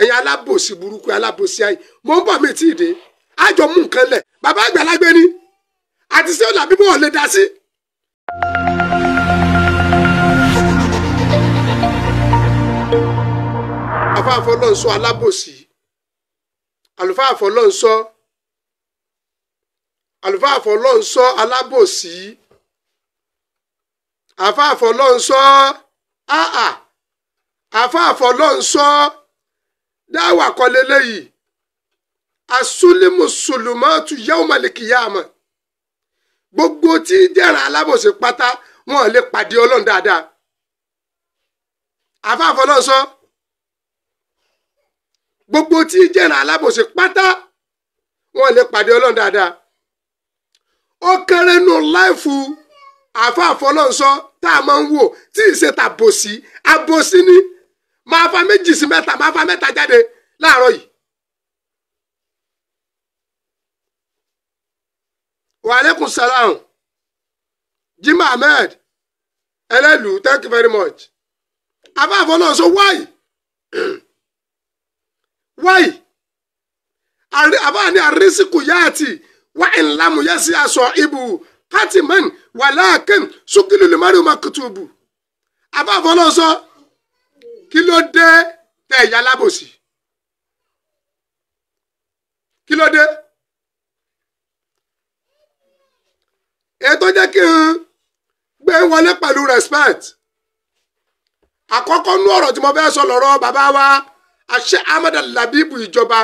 ẹ̀yin alábòsí burúkú alábòsí ayé mo ń bọ̀ mí tí ì dé àjọ mú nǹkan lẹ̀ bàbá àgbàlagbé ni àti sí ọ̀là bíbọ̀ lè dá sí. àlùfáà fọlọ́nsọ alábòsí àlùfáà fọlọ́nsọ àlùfáà fọlọ́nsọ alábòsí àfáà fọlọ́nsọ àà àfáà fọlọ́nsọ. dáwà kọ́ lélẹ́yìí asúlímù sùlùmọ́tù yawmal qiyamah gbogbo tí jẹ́ra alábòsí pátá wọn lè pàdé ọlọ́run dáadáa àfáàfọ́ náà sọ gbogbo tí jẹ́ra alábòsí pátá wọn lè pàdé ọlọ́run dáadáa ó kéré nù láìfù àfáàfọ́ náà sọ tá a máa ń wò tí ì ṣe tàbòsí àbòsí ni. máa fa méjì sí mẹ́ta máa fa mẹ́ta jáde láàárọ̀ yìí. waaleykum salaam jim ahmed ẹlẹ́lu thank you very much abáfọ́ náà sọ wáyì wáyì abáàní àrísìkù yáàtì wá ìlàmù yẹ́sì aṣọ ibù kátìmọ́n wàláàkín ṣúkìlì lùmọ́rì mọ́kútùbù abáfọ́ náà sọ. So, kí ló dé tẹ ìyá alábòsí kí ló dé èyí tó jẹ́ kí n gbé wọlé pẹ̀lú respect àkọ́kọ́ nú ọ̀rọ̀ tí mo fẹ́ sọ lọ́rọ̀ bàbá wa àṣẹ Ahmed Labeeb ìjọba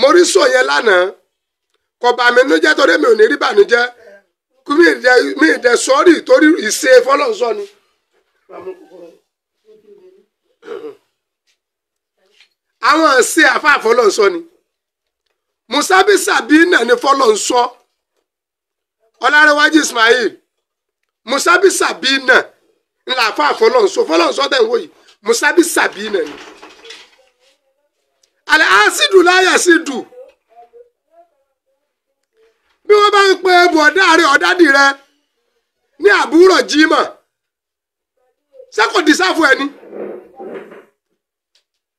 mo yẹn lánàá kò torí mi ò ní rí mi ì torí ìṣe fọlọ́sọ ni. àwọn ṣe àfáà fọlọ́nsọ ni musabisabi náà ni fọlọ́nsọ ọlárẹwájú ismail musabisabi náà ńlá àfáà fọlọ́nsọ fọlọ́nsọ tẹ̀ ń wò yìí musabisabi náà ni àlẹ́ àṣìdù láyà ṣìdù bí wọ́n bá ń pe bọ̀dá rẹ ọ̀dádì rẹ ní àbúrò jimoh ṣé kò dísáfù ẹni.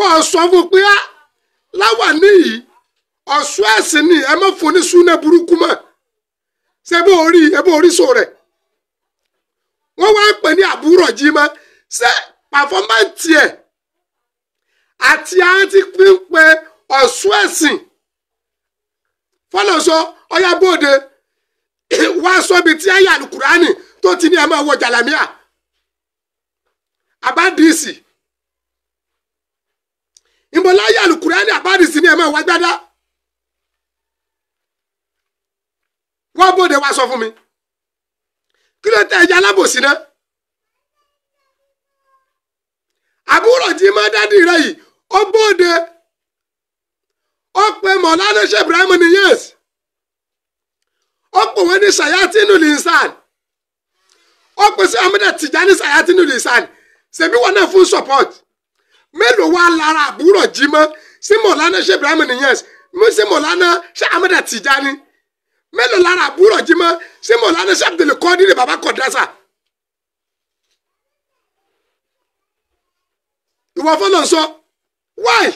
wọ́n sọ fún pé á ah, láwà níyì ọ̀ṣun ẹ̀sìn ni ẹ má fún ní súnà burúkú mọ́ ṣe bó orí ẹ bó orí so rẹ̀ wọ́n wá ń pè ní àbúrò jí mọ́ ṣé pàfọ́máǹtì ẹ̀ àti àǹtí pínpẹ́ ọ̀ṣun ẹ̀sìn fọlọ́sọ ọyá bóde wá sọ́bi tí àyà alukurani tó ti ní ẹ máa wọ jàlámíà àbádìsì. ìmọ̀ láyé àlùkùránì àbádìsí ni ẹ̀ máa eme gbádá wá bóde wá sọ fún mi kí ló tẹ ẹja alábòsí náà àbúrò tí má dádì rẹ yìí ó bóde ó pe mọ̀lánà ṣe ibrahim ní yẹ́s ó pè wọ́n ní sayatinu linsan ó pèsè amúdà tìjà ní sayatinu linsan ṣèbí wọn náà fún support. mélòó wá lára àbúrò jí mọ́ sí mọ̀lánà ṣe ibrahim nìyẹn sí mọ̀lánà ṣe ahmed tijani mélòó lára àbúrò jí mọ́ sí mọ̀lánà ṣe abdul qadir baba kọdásà. ìwọ fọlọ sọ wáì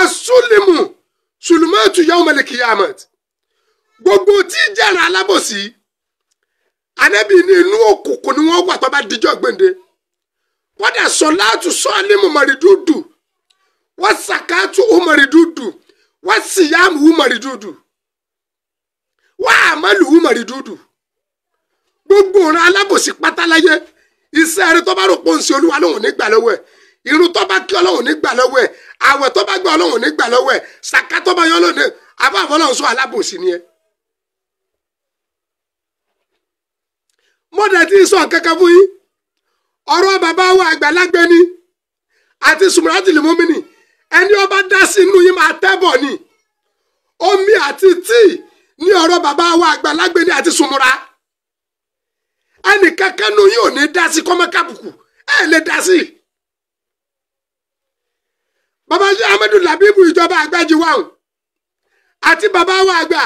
asúlìmù sùlùmọ́ọ̀tù yawmal qiyamah gbogbo tí ìjẹ́ra alábòsí anabi ní inú òkùnkùn ni wọ́n wà tó bá dijọ́ gbèǹde wọ́n dẹ̀ sọ láàtú sọ́ọ̀lì mọ̀mọ́rì dúdú wọ́n sàkáàtú ọmọrì dúdú wọ́n síyàmù ọmọrì dúdú wọ́n àmàlù ọmọrì dúdú gbogbo ọ̀rọ̀ alábòsí pátáláyé iṣẹ́ rẹ tó bá rò pọ̀ ń ṣe olúwa lóhùn nígbà lọ́wọ́ ẹ̀ irun tó bá kí ọlọ́run nígbà lọ́wọ́ ẹ̀ àwẹ̀ tó bá gbà ọlọ́run nígbà lọ́wọ́ ẹ̀ sàká bá yọ ọlọ́run àbá àbọ̀lọ́run sọ alábòsí ni ẹ̀ mo dẹ̀ ti sọ kankan fún yín ọ̀rọ̀ bàbá wa àgbàlagbẹ́ ni àti sùmùràtìlì mọ́mìnì ẹni ọba dá sí inú yín máa tẹ́bọ̀ ni omi àti tíì ní ọ̀rọ̀ bàbá wa àgbàlagbẹ́ ni àti sùmùrà ẹnì kankan nu yín ò ní dá sí kọ́mọ́kàbùkù ẹ̀ lè dá sí. bàbá Ahmadu Labibu ìjọba àgbàjì wa àti bàbá wa àgbà.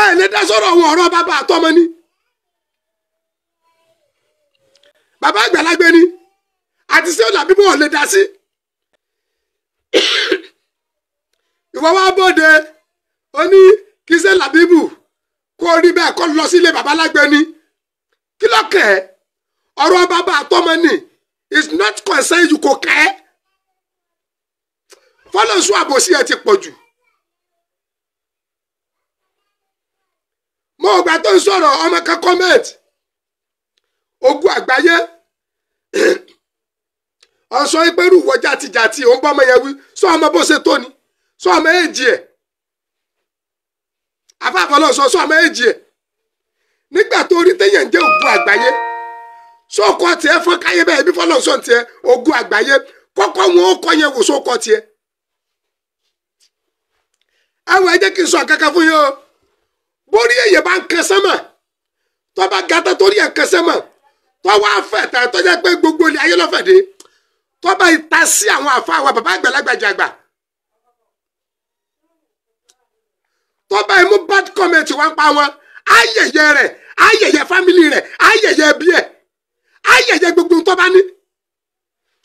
ẹ lè dá sọ̀rọ̀ wọn ọ̀rọ̀ bàbá àtọmọ ni bàbá àgbàlagbé ni àti sí ọ̀là bíbọ̀ ò lè dá sí ìwọ wá bóde ó ní kí ṣe làbíbù kó rí bẹ́ẹ̀ kó lọ sílé bàbá lágbé ni kí ló kẹ́ ẹ́ ọ̀rọ̀ bàbá àtọmọ ni is not concerned you kò kẹ́ ẹ́ fọlọ́sùn àbòsí ẹ ti pọ̀ jù. mo gbà tó ń sọ̀rọ̀ ọmọ kan comment ogun àgbáyé ọ̀sọ́ ìpẹ́rù wọ jàtijàti òun bọ́ ọmọ yẹn wí sọ ọmọ bó ṣe tó ni sọ ọmọ èjì ẹ̀ àfàfọlọ́ sọ sọ ọmọ èjì ẹ̀ nígbà tó rí téèyàn jẹ́ ogun àgbáyé sókọ tiẹ̀ fọ́n káyé bẹ́ẹ̀ bí fọ́lọ́ sọ tiẹ̀ ogun àgbáyé kọ́kọ́ wọn ó kọ yẹn wò sókọ tiẹ̀. àwọn ẹ jẹ́ kí n sọ kankan fún yín o bórí èyẹ bá ń kan sánmà tó bá ga tán torí ẹ̀ kan sánmà tó wá fẹ̀ tán tó jẹ́ pé gbogbo ilé ayé lọ́fẹ̀ dé tó bá ta sí àwọn àfa wa bàbá àgbàlagbà jàgbà tó bá imú bad comment wá ń pa wọn ayẹyẹ rẹ̀ ayẹyẹ family rẹ̀ ayẹyẹ ẹbí ẹ̀ ayẹyẹ gbogbo tó bá ní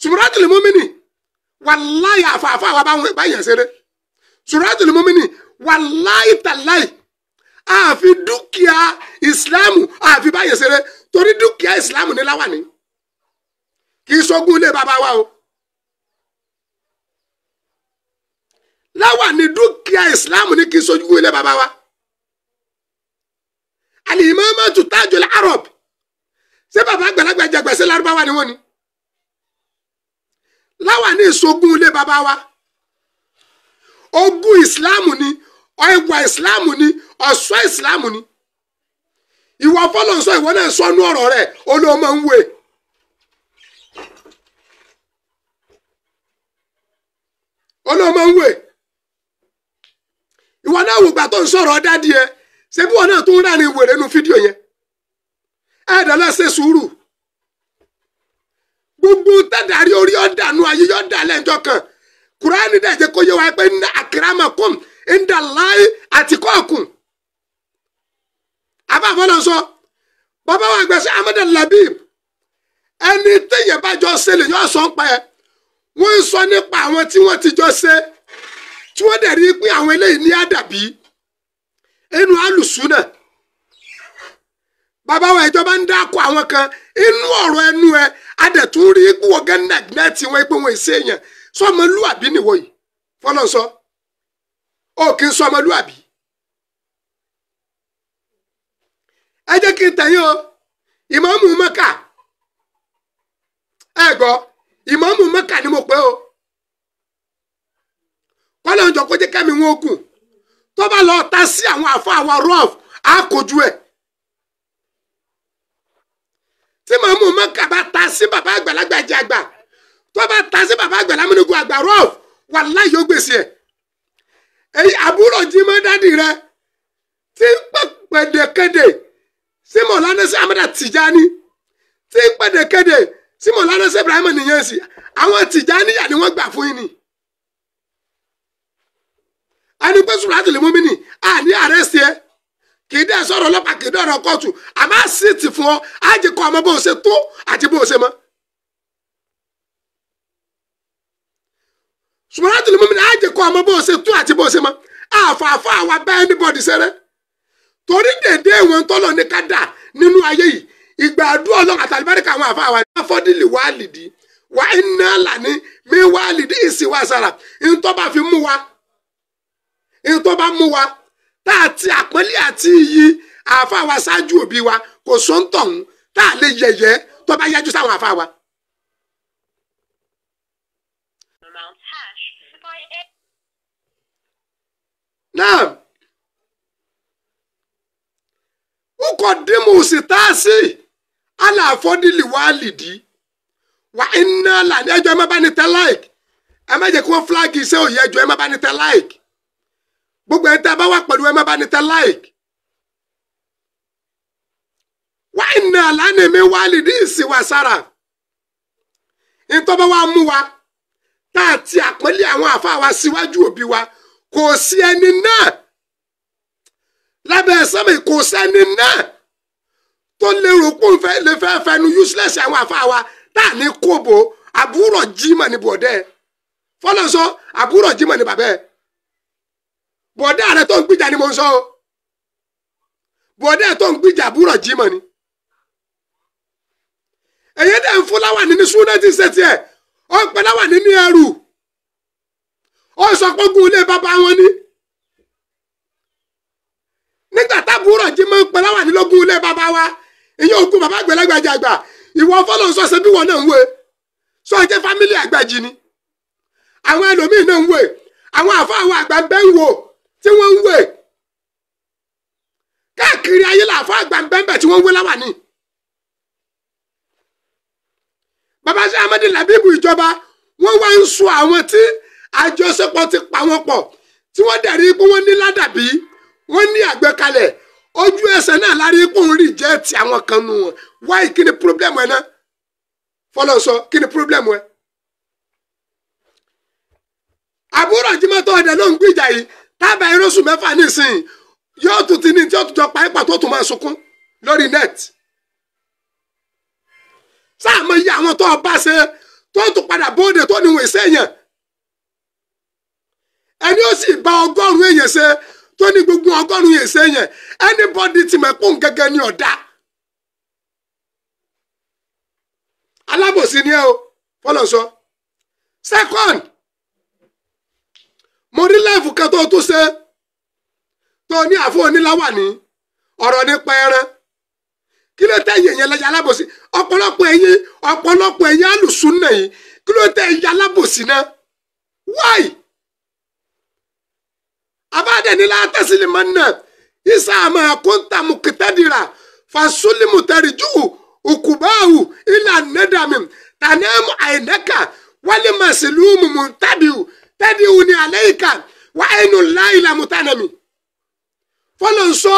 sùmùràtì lè mú mi nì wàláyà àfa àfa wa bá yẹn ṣeré sùmùràtì lè mú mi nì wàláyà tàláyà àfi dúkìá ìsìláàmù àfi báyìí ṣeré torí dúkìá ìsìláàmù ní láwàní kì í ṣogún ilé bàbá wa o láwàní dúkìá ìsìláàmù ní kì í ṣogún ilé bàbá wa alimamatu tajul arab ṣé bàbá àgbàlagbà jẹgbẹsẹ Lárúbáwá ni wọ́n ni láwàní ìṣogún ilé bàbá wa ogún ìsìláàmù ni ọ̀ìgbà islamu ni sọ islamu ni ìwọ fọlọ́nsọ ìwọ náà sọnú ọ̀rọ̀ rẹ olóòmọ ń wé. olóòmọ ń wé ìwọ náà wùgbà tó ń sọ̀rọ̀ dádìí ẹ ṣé bí wọn náà tún rà ní wèrè nu fídíò yẹn ẹ̀ẹ́dẹ̀ lọ ṣe sùúrù gbogbo tẹ̀dárí orí ọ̀dà nu ayé yọ̀ọ̀dà lẹ́jọ́ kan kó yẹ wá pé ní ńdà láì sọ bàbá wa gbèsè amadu labib ẹni téèyàn bá jọ ṣe lè yọ sọ ń pa ẹ wọ́n sọ nípa àwọn tí wọ́n ti jọ ṣe tí wọ́n dẹ̀ rí àwọn eléyìí ní àdàbí inú alùsùnà bàbá wa ìjọba ń dákọ àwọn kan inú ẹnu ẹ sọmọlúwàbí nìwọ yìí ó kì í sọ ọmọlúwàbí ẹ jẹ́ kí n tẹ̀yìn o ìmáàmù Mẹ́kà ẹ gbọ́ ìmáàmù Mẹ́kà ni mo pè o kọ́lọ́n jọ kó jẹ́ kẹ́mi wọn kù tó bá lọ ta sí àwọn àfọ àwọn rọ́ọ̀f á kojú ẹ̀ tí ìmáàmù Mẹ́kà bá ta sí bàbá àgbàlagbà jẹ àgbà tó bá ta sí bàbá àgbàlagbà múnigun àgbà rọ́ọ̀f wàláhì yóò gbèsè ẹ̀ àbúrò jimá dádì rẹ tí ń pẹ́ pẹ̀dẹ̀kẹ́dẹ̀ sí mọ̀lánà sí amẹ́dà tìjáni tí ń pẹ̀dẹ̀kẹ́dẹ̀ sí mọ̀lánà sí ibrahima nìyẹn sí àwọn tìjáni yà ni wọ́n gbà fún yín ni. ẹni pé sùràtù lè mú mi nì á ní àrẹ́sì ẹ kì í dẹ́ sọ̀rọ̀ ọlọ́pàá kì í dẹ́ ọ̀rọ̀ kóòtù àmọ́ àṣìtì fún ọ á jẹ́ kọ́ ọmọ bó ṣe tó àti bó ṣe mọ́. ṣùgbọ́n láti lè mú mi ní àjẹ kọ́ àmọ́ bó ṣe tún àti bó ṣe mọ́ àfààfà àwa bá anybody ṣeré torí dèdè ìwọ̀n tọ́lọ̀ ní kádà nínú ayé yìí ìgbà àdúrà ọlọ́run àtàlùbáríkà àwọn àfa àwa ní afọ́dílì wàálìdì wà iná làní mi wàálìdì ìsìnwá sára ntọ́ bá fi mú wa ntọ́ bá wa tá a ti àpọ́nlé àti iyì àfa àwa wa kò sóńtọ̀ tá a lè yẹ̀yẹ́ tó bá yájú sáwọn Naam. Ukodimu sitasi ala afọdili walidi wa iná là ní ẹjọ́ ẹ má bá ní tẹ́ like ẹ má jẹ́ kí wọ́n flag iṣẹ́ òye ẹjọ́ ẹ má bá ní tẹ́ like gbogbo ẹ̀ tá a bá wà pẹ̀lú ẹ má bá ní tẹ́ like wa iná là ní mi walidi ìsìnwá sára ìtọ́ bá wa mú wa tá a ti àpẹ́lẹ́ àwọn àfa wa síwájú òbí kò sí ẹni náà lábẹ́ sẹ́mi kò náà tó pé òun lè fẹ́ fẹnu useless àwọn wa táà ní kóbo àbúrò jimọ̀ ní bọ̀dẹ́ fọlọ́sọ àbúrò jimọ̀ ní bàbẹ́ bọ̀dẹ́ rẹ tó ń gbìjà ni mo ń sọ bọ̀dẹ́ tó ń gbìjà àbúrò ni èyí ń fún láwà nínú súnẹ́tì ó sọ pé ogun ilé bàbá wọn ni nígbà táàbùrò jí máa ń pẹ́ láwà nílógún ilé bàbá wa ìyẹn ogun bàbá àgbẹ̀lẹ́gbàjà àgbà ìwọ fọlọ́n sọ bí wọn náà ń wé sọ jẹ́ fámílì àgbàjì ni àwọn ẹlòmíì náà ń wé àwọn àfáà àgbà ń wò tí wọ́n ń wé káàkiri ayé làfọ́ àgbà ń tí wọ́n ń wé láwà ni. bàbá amadi làbíbù ìjọba wọ́n wá ń sọ àwọn tí àjọṣepọ̀ ti pa wọ́n pọ̀ tí wọ́n dẹ̀ rí i pé wọ́n ní ládàbí wọ́n ní àgbékalẹ̀ ojú ẹsẹ̀ náà lárí pé òun rí jẹ́ ti àwọn kan nù wọn wáyé kí ni pírọ́blẹ́mù ẹ náà fọlọ́sọ kí ni pírọ́blẹ́mù ẹ. àbúrò jimátọ́ ọ̀dẹ ló ń gbìjà yìí tábà irúsùn mẹ́fà nísìnyí yóò tún ti ní tí yóò tún jọ pa ipa tó tún máa sunkún lórí net. sáà mo yí àwọn tó o bá ṣe tó tún padà bóde tó níwọ̀n ìṣèyàn ẹni ó sì bá ọgọ́rùn-ún èèyàn ṣe tó ní gbogbo ọgọ́rùn-ún èèyàn ṣe yẹn anybody ti mọ̀ pọ́n gẹ́gẹ́ ní ọ̀dà. alábòsí ni ẹ o fọlọ sọ second mo rí láìfù kan tó tún ṣe tó ní àfọ oníláwà ní ọ̀rọ̀ nípa ẹran kí ló tẹ yẹn yẹn lẹ́yìn alábòsí ọ̀pọ̀lọpọ̀ ẹ̀yin ọ̀pọ̀lọpọ̀ ẹ̀yin alùsùn náà yìí kí ló tẹ alábòsí náà why abadani la tasili manna isa ma kunta mukitadira fasuli mutariju ukubahu ila nadami tanamu ainaka wali masilumu muntabiu tadiu ni aleika wa ainu laila mutanami fọlọnsọ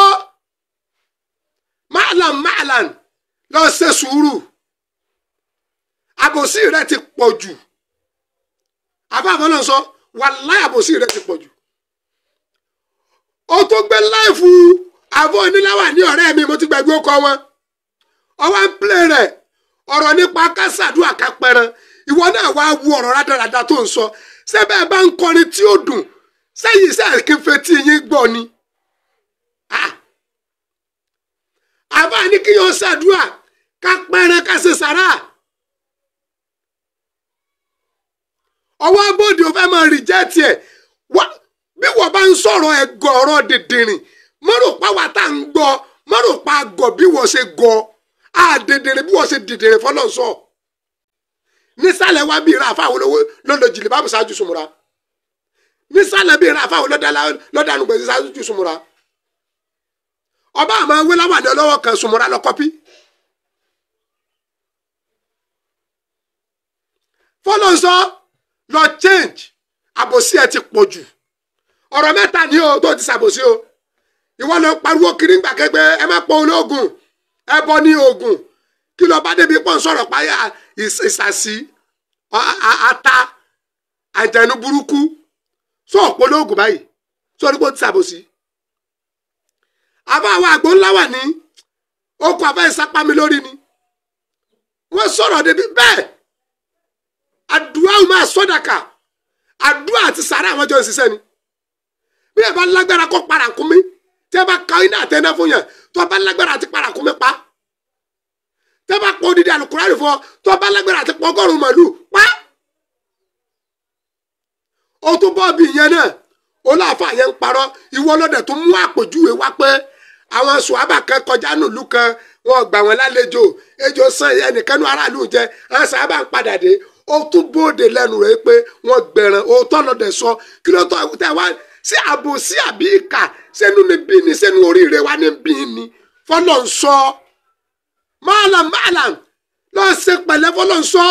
ma'lan ma'lan lọ ṣe sùúrù àbòsí rẹ ti pọ̀ jù àbá fọlọnsọ wàláì àbòsí rẹ ti pọ̀ jù. ó tó gbé láìfù àbọ̀ oníláwà ní ọ̀rẹ́ mi mo ti gbàgbé ọkọ wọn ọwọ́ ń plé rẹ̀ ọ̀rọ̀ nípa kásàdúrà kápẹ́ran ìwọ náà wá wu ọ̀rọ̀ rádaràda tó ń sọ ṣé bá ń kọrin tí ó dùn sẹ́yìn sẹ́ẹ̀ kí n fetí yín gbọ́ ni. àbá ní kí yóò ṣàdúrà kápẹ́ran ká ṣe sàrà. ọwọ́ abóde ò fẹ́ mọ rìjẹ́tì ẹ̀ bí wọ́n bá ń sọ̀rọ̀ ẹ̀gọ́ ọ̀rọ̀ dìndìnrín mọ́rùpá wa tá à ń gbọ́ mọ́rùpá gọ̀ bí wọ́n ṣe gọ́ á dìndìnrín bí wọ́n ṣe dìndìnrín fọlọ́sọ. nísàlẹ̀ wa bí ra àfáwọn olówó lọ́dọ̀ jìlì bá musáájú sùmùrà nísàlẹ̀ bí ra àfáwọn lọ́dọ̀ àlùgbẹ̀ musáájú sùmùrà ọba àmọ́ ewé láwàdí ọlọ́wọ́ kan sùmùrà lọ kọ́pí. fọlọ́sọ lọ change àbòsí ẹ ti pọ̀ jù ọ̀rọ̀ mẹ́ta ni o tó ti ṣàbòsí o ìwọ lọ pariwo kiri ń gbà kẹgbẹ ẹ má pọ ológun ẹ bọ ní oògùn kí lọ bá débi pọ̀ ń sọ̀rọ̀ páyà ìsàsí ata àjànú burúkú sọ ọ̀pọ̀ ológun báyìí sórí pé ó ti ṣàbòsí. àbá àwọn àgbo ńlá wà ní okùn àbá ìsapá lórí ni wọ́n sọ̀rọ̀ débi bẹ́ẹ̀ àdúrà ọmọ àsọdàkà àdúrà àti sàrà àwọn jọ ń ni bí ẹ bá lágbára kó para kún mi tí ẹ bá ka iná àtẹná fún yàn tó bá lágbára àti para pa tí ẹ bá pọ odidi àlùkùránì fún ọ tó bá lágbára àti pọ màlúù pa ó tún bọ́ bí ìyẹn náà ó láàfà yẹn ń parọ́ ìwọ ọlọ́dẹ tó mú àpòjúwe wá pé àwọn sùhábà kan kọjá nùlú kan wọn gbà wọn lálejò ejò san ẹnìkanú aráàlú jẹ àwọn sùhábà ń padà dé ó tún bóde lẹ́nu rẹ̀ pé wọ́n gbẹ̀ràn òótọ́ lọ́dẹ sọ kí ló tọ́ tẹ wá ṣé àbòsí àbí ìkà sẹ́nu ni bí ni sẹ́nu oríire wa ni bí ni fọlọ́ ń sọ mọ́àlàm mọ́àlàm lọ́ọ́ ṣe pẹ̀lẹ́ fọlọ́ ń sọ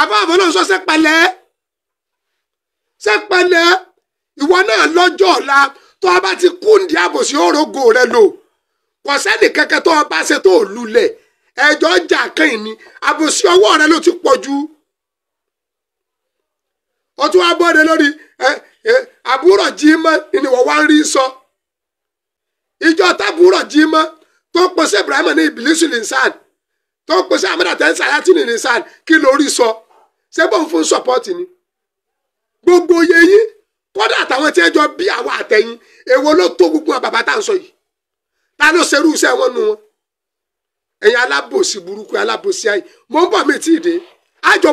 àbáwọ̀ fọlọ́ ń sọ ṣe pẹ̀lẹ́ ṣe pẹ̀lẹ́ ìwọ náà lọ́jọ́ ọ̀la tó o bá ti kú ní àbòsí òrógò rẹ lò kò sẹ́ni kankan tó o bá ṣe tó o lulẹ̀ ẹjọ́ jà kàn ní àbòsí ọwọ́ rẹ ló ti pọ̀ jù ó tún wá lórí ẹ. Eh, Eh, àbúrò jí mọ́ ni wọ́n wá ń rí sọ ìjọ tábúrò jí mọ́ tó ń Ibrahim ní ìbílísù nìsan tó ń pèsè amadu àtẹnsá láti ní sọ ṣé bóun fún ni gbogbo yẹyìn kódà àtàwọn tí ẹ jọ bí àwọn àtẹyìn èwo ló tó gbogbo àwọn bàbá tá à ta ló ṣerú iṣẹ́ wọn nu wọn ẹ̀yin alábòsí burúkú alábòsí ayé ń bọ̀ mí dé àjọ